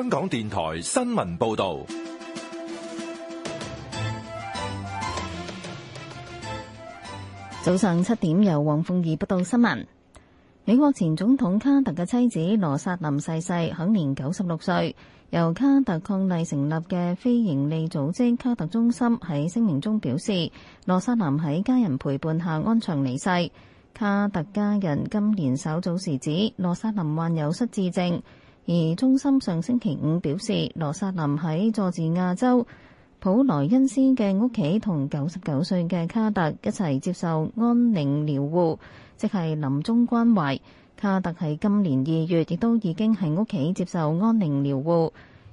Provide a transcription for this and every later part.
香港電台新聞報道，早上七點由黃鳳儀報道新聞。美國前總統卡特嘅妻子羅莎林逝世，享年九十六歲。由卡特伉儷成立嘅非營利組織卡特中心喺聲明中表示，羅莎林喺家人陪伴下安詳離世。卡特家人今年稍早時指，羅莎林患有失智症。而中心上星期五表示，羅薩林喺佐治亞州普萊恩斯嘅屋企，同九十九歲嘅卡特一齊接受安寧療護，即係臨終關懷。卡特喺今年二月亦都已經喺屋企接受安寧療護。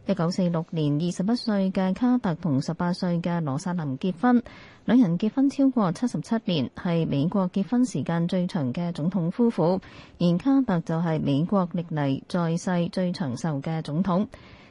一九四六年，二十一歲嘅卡特同十八歲嘅羅薩林結婚，兩人結婚超過七十七年，係美國結婚時間最長嘅總統夫婦。而卡特就係美國歷嚟在世最長壽嘅總統。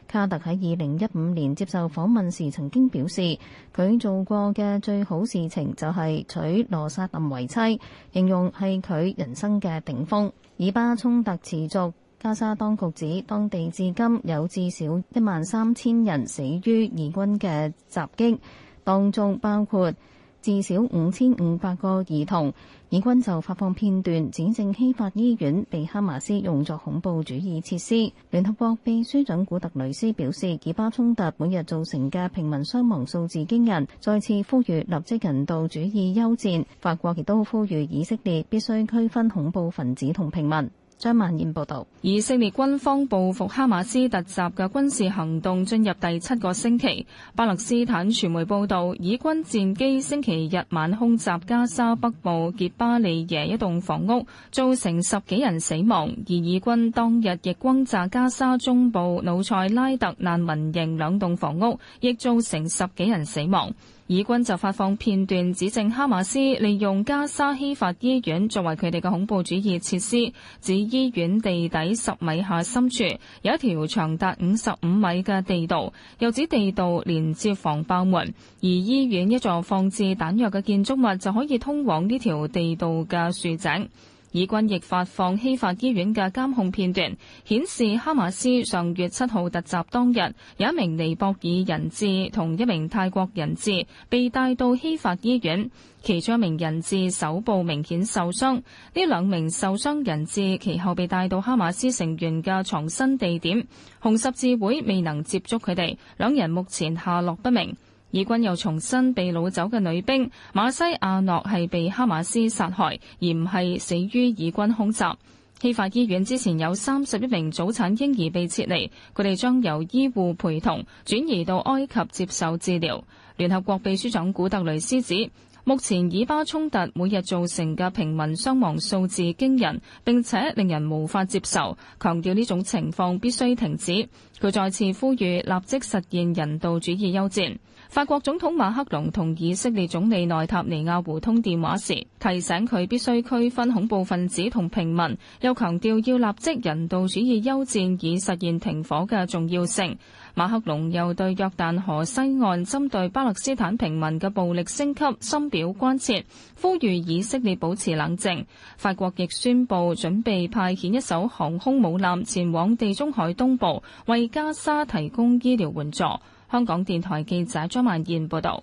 卡特喺二零一五年接受訪問時曾經表示，佢做過嘅最好事情就係娶羅薩林為妻，形容係佢人生嘅頂峰。以巴衝突持續。加沙當局指，當地至今有至少一萬三千人死於以軍嘅襲擊，當中包括至少五千五百個兒童。以軍就發放片段，指證希法醫院被哈馬斯用作恐怖主義設施。聯合國秘書長古特雷斯表示，以巴衝突每日造成嘅平民傷亡數字驚人，再次呼籲立即人道主義休戰。法國亦都呼籲以色列必須區分恐怖分子同平民。張曼燕報道，以色列軍方報復哈馬斯突襲嘅軍事行動進入第七個星期。巴勒斯坦傳媒報道，以軍戰機星期日晚空襲加沙北部杰巴利耶一棟房屋，造成十幾人死亡；而以軍當日亦轟炸加沙中部努塞拉特難民營兩棟房屋，亦造成十幾人死亡。以軍就發放片段指證哈馬斯利用加沙希法醫院作為佢哋嘅恐怖主義設施，指醫院地底十米下深處有一條長達五十五米嘅地道，又指地道連接防爆門，而醫院一座放置彈藥嘅建築物就可以通往呢條地道嘅豎井。以軍亦發放希法醫院嘅監控片段，顯示哈馬斯上月七號突襲當日，有一名尼泊爾人質同一名泰國人質被帶到希法醫院，其中一名人質手部明顯受傷。呢兩名受傷人質其後被帶到哈馬斯成員嘅藏身地點，紅十字會未能接觸佢哋，兩人目前下落不明。以軍又重新被擄走嘅女兵馬西亞諾係被哈馬斯殺害，而唔係死於以軍空襲。希法醫院之前有三十一名早產嬰兒被撤離，佢哋將由醫護陪同轉移到埃及接受治療。聯合國秘書長古特雷斯指，目前以巴衝突每日造成嘅平民傷亡數字驚人，並且令人無法接受，強調呢種情況必須停止。佢再次呼籲立即實現人道主義休戰。法國總統馬克龍同以色列總理內塔尼亞胡通電話時，提醒佢必須區分恐怖分子同平民，又強調要立即人道主義休戰以實現停火嘅重要性。馬克龍又對約旦河西岸針對巴勒斯坦平民嘅暴力升級深表關切，呼籲以色列保持冷靜。法國亦宣布準備派遣一艘航空母艦前往地中海東部，為加沙提供醫療援助。香港電台記者張曼燕報道：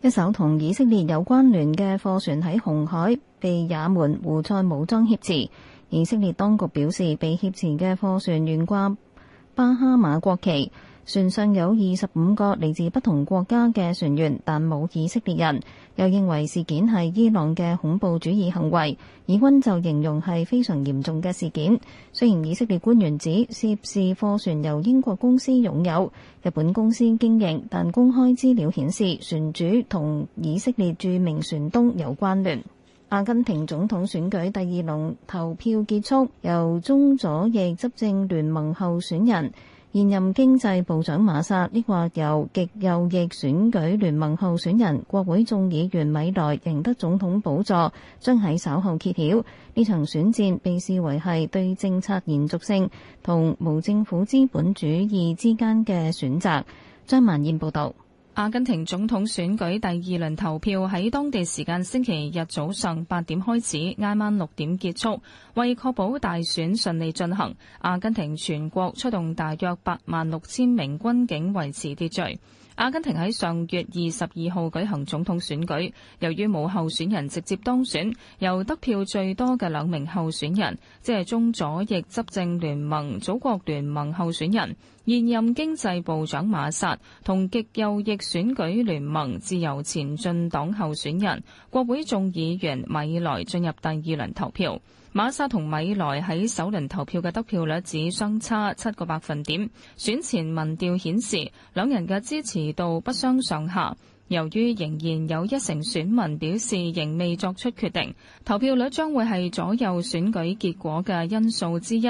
一艘同以色列有關聯嘅貨船喺紅海被也門胡塞武裝挾持。以色列當局表示，被挾持嘅貨船懸掛巴哈馬國旗。船上有二十五個嚟自不同國家嘅船員，但冇以色列人。又認為事件係伊朗嘅恐怖主義行為，以軍就形容係非常嚴重嘅事件。雖然以色列官員指涉事貨船由英國公司擁有、日本公司經營，但公開資料顯示船主同以色列著名船東有關聯。阿根廷總統選舉第二輪投票結束，由中左翼執政聯盟候選人，現任經濟部長馬薩，抑或由極右翼選舉聯盟候選人國會眾議員米萊贏得總統寶座，將喺稍後揭曉。呢場選戰被視為係對政策延續性同無政府資本主義之間嘅選擇。張萬燕報道。阿根廷總統選舉第二輪投票喺當地時間星期日早上八點開始，挨晚六點結束。為確保大選順利進行，阿根廷全國出動大約八萬六千名軍警維持秩序。阿根廷喺上月二十二號舉行總統選舉，由於冇候選人直接當選，由得票最多嘅兩名候選人，即係中左翼執政聯盟、祖國聯盟候選人、現任經濟部長馬薩，同極右翼選舉聯盟自由前進黨候選人、國會眾議員米萊進入第二輪投票。馬薩同米萊喺首輪投票嘅得票率只相差七個百分點。選前民調顯示兩人嘅支持度不相上下。由於仍然有一成選民表示仍未作出決定，投票率將會係左右選舉結果嘅因素之一。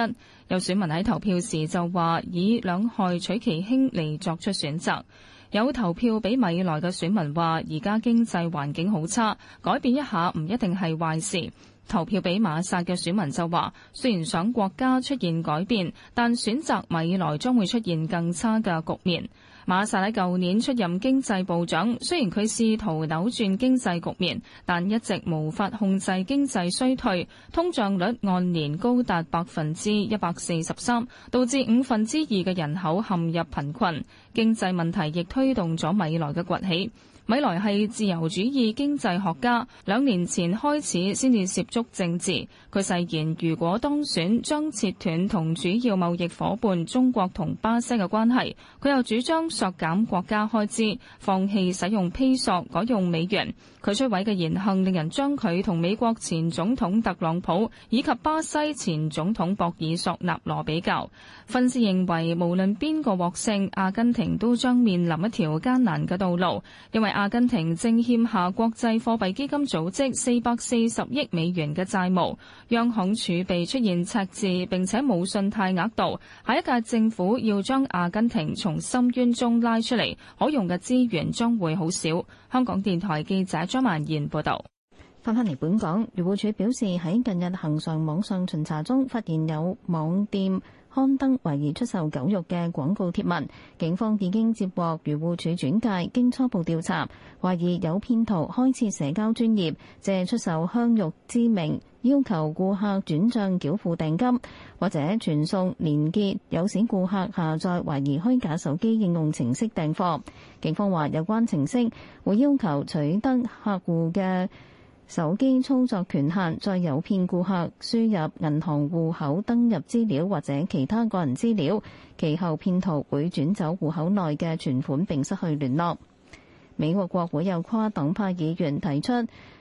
有選民喺投票時就話以兩害取其輕嚟作出選擇。有投票俾米萊嘅選民話：而家經濟環境好差，改變一下唔一定係壞事。投票俾馬薩嘅選民就話：雖然想國家出現改變，但選擇米萊將會出現更差嘅局面。馬薩喺舊年出任經濟部長，雖然佢試圖扭轉經濟局面，但一直無法控制經濟衰退，通脹率按年高達百分之一百四十三，導致五分之二嘅人口陷入貧困。經濟問題亦推動咗米萊嘅崛起。米萊係自由主義經濟學家，兩年前開始先至涉足政治。佢誓言如果當選，將切斷同主要貿易伙伴中國同巴西嘅關係。佢又主張削減國家開支，放棄使用披索，改用美元。佢出位嘅言行令人將佢同美國前總統特朗普以及巴西前總統博爾索納羅比較。分析認為無論邊個獲勝，阿根廷都將面臨一條艱難嘅道路，因為，阿根廷正欠下國際貨幣基金組織四百四十億美元嘅債務，央行儲備出現赤字，並且冇信貸額度。下一屆政府要將阿根廷從深淵中拉出嚟，可用嘅資源將會好少。香港電台記者張曼燕報道。翻返嚟本港，漁護署表示喺近日恒常網上巡查中，發現有網店刊登懷疑出售狗肉嘅廣告貼文。警方已經接獲漁護署轉介，經初步調查，懷疑有騙徒開設社交專業，借出售香肉之名，要求顧客轉賬繳付訂金，或者傳送連結，有錢顧客下載懷疑虛假手機應用程式訂貨，警方話，有關程式會要求取得客戶嘅手機操作權限，再誘騙顧客輸入銀行戶口登入資料或者其他個人資料，其後騙徒會轉走戶口內嘅存款並失去聯絡。美國國會有跨黨派議員提出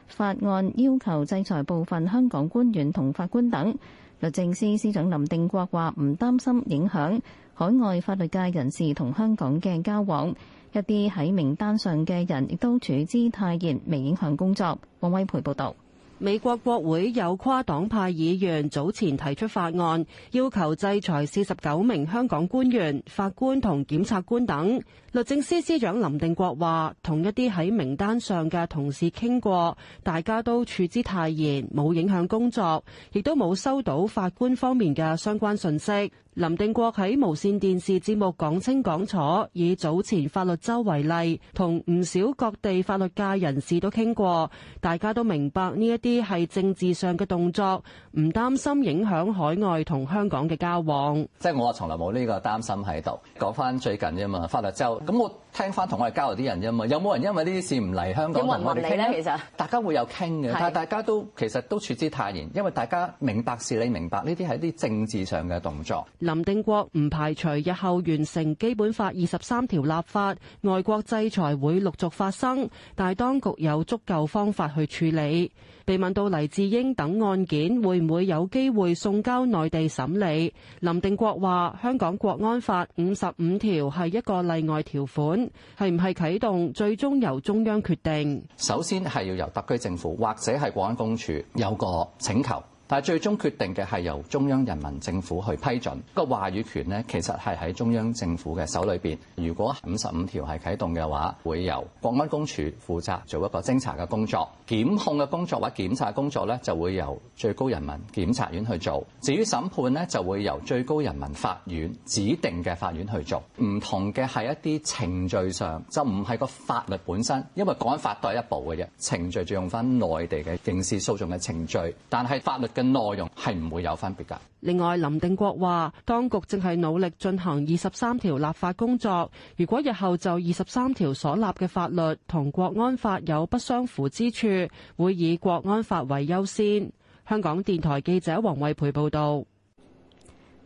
法案，要求制裁部分香港官員同法官等。律政司司長林定國話唔擔心影響海外法律界人士同香港嘅交往。一啲喺名單上嘅人亦都處之泰然，未影響工作。黃威培報道。美國國會有跨黨派議員早前提出法案，要求制裁四十九名香港官員、法官同檢察官等。律政司司長林定國話，同一啲喺名單上嘅同事傾過，大家都處之泰然，冇影響工作，亦都冇收到法官方面嘅相關信息。林定國喺無綫電視節目講清講楚，以早前法律周為例，同唔少各地法律界人士都傾過，大家都明白呢一啲。啲係政治上嘅動作，唔擔心影響海外同香港嘅交往。即係我啊，從來冇呢個擔心喺度。講翻最近啫嘛，法律週咁我。聽翻同我哋交流啲人啫嘛，有冇人因為呢啲事唔嚟香港人呢？其實大家會有傾嘅，但大家都其實都處之泰然，因為大家明白事理，明白呢啲係啲政治上嘅動作。林定國唔排除日後完成基本法二十三條立法，外國制裁會陸續發生，但係當局有足夠方法去處理。被問到黎智英等案件會唔會有機會送交內地審理，林定國話香港國安法五十五條係一個例外條款。係唔係啟動，最終由中央決定。首先係要由特區政府或者係國安公署有個請求。但係最終決定嘅係由中央人民政府去批准，個話語權呢，其實係喺中央政府嘅手裏邊。如果五十五條係啟動嘅話，會由國安公署負責做一個偵查嘅工作、檢控嘅工作或檢查工作呢，就會由最高人民檢察院去做。至於審判呢，就會由最高人民法院指定嘅法院去做。唔同嘅係一啲程序上，就唔係個法律本身，因為講法都係一部嘅啫。程序就用翻內地嘅刑事訴訟嘅程序，但係法律嘅內容係唔會有分別㗎。另外，林定國話，當局正係努力進行二十三條立法工作。如果日後就二十三條所立嘅法律同國安法有不相符之處，會以國安法為優先。香港電台記者黃惠培報道。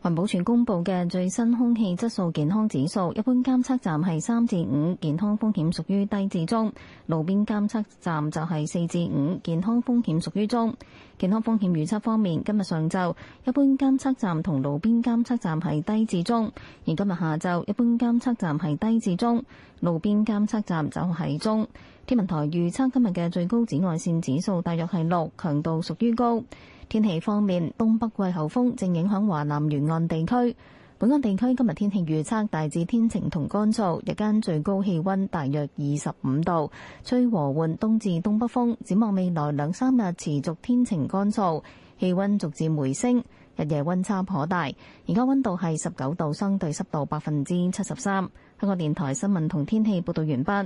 環保署公布嘅最新空氣質素健康指數，一般監測站係三至五，健康風險屬於低至中；路邊監測站就係四至五，健康風險屬於中。健康風險預測方面，今日上晝一般監測站同路邊監測站係低至中，而今日下晝一般監測站係低至中，路邊監測站就係中。天文台預測今日嘅最高紫外線指數大約係六，強度屬於高。天氣方面，東北季候風正影響華南沿岸地區。本港地區今日天氣預測大致天晴同乾燥，日間最高氣溫大約二十五度，吹和緩東至東北風。展望未來兩三日持續天晴乾燥，氣溫逐漸回升，日夜溫差頗大。而家溫度係十九度，相對濕度百分之七十三。香港電台新聞同天氣報道完畢。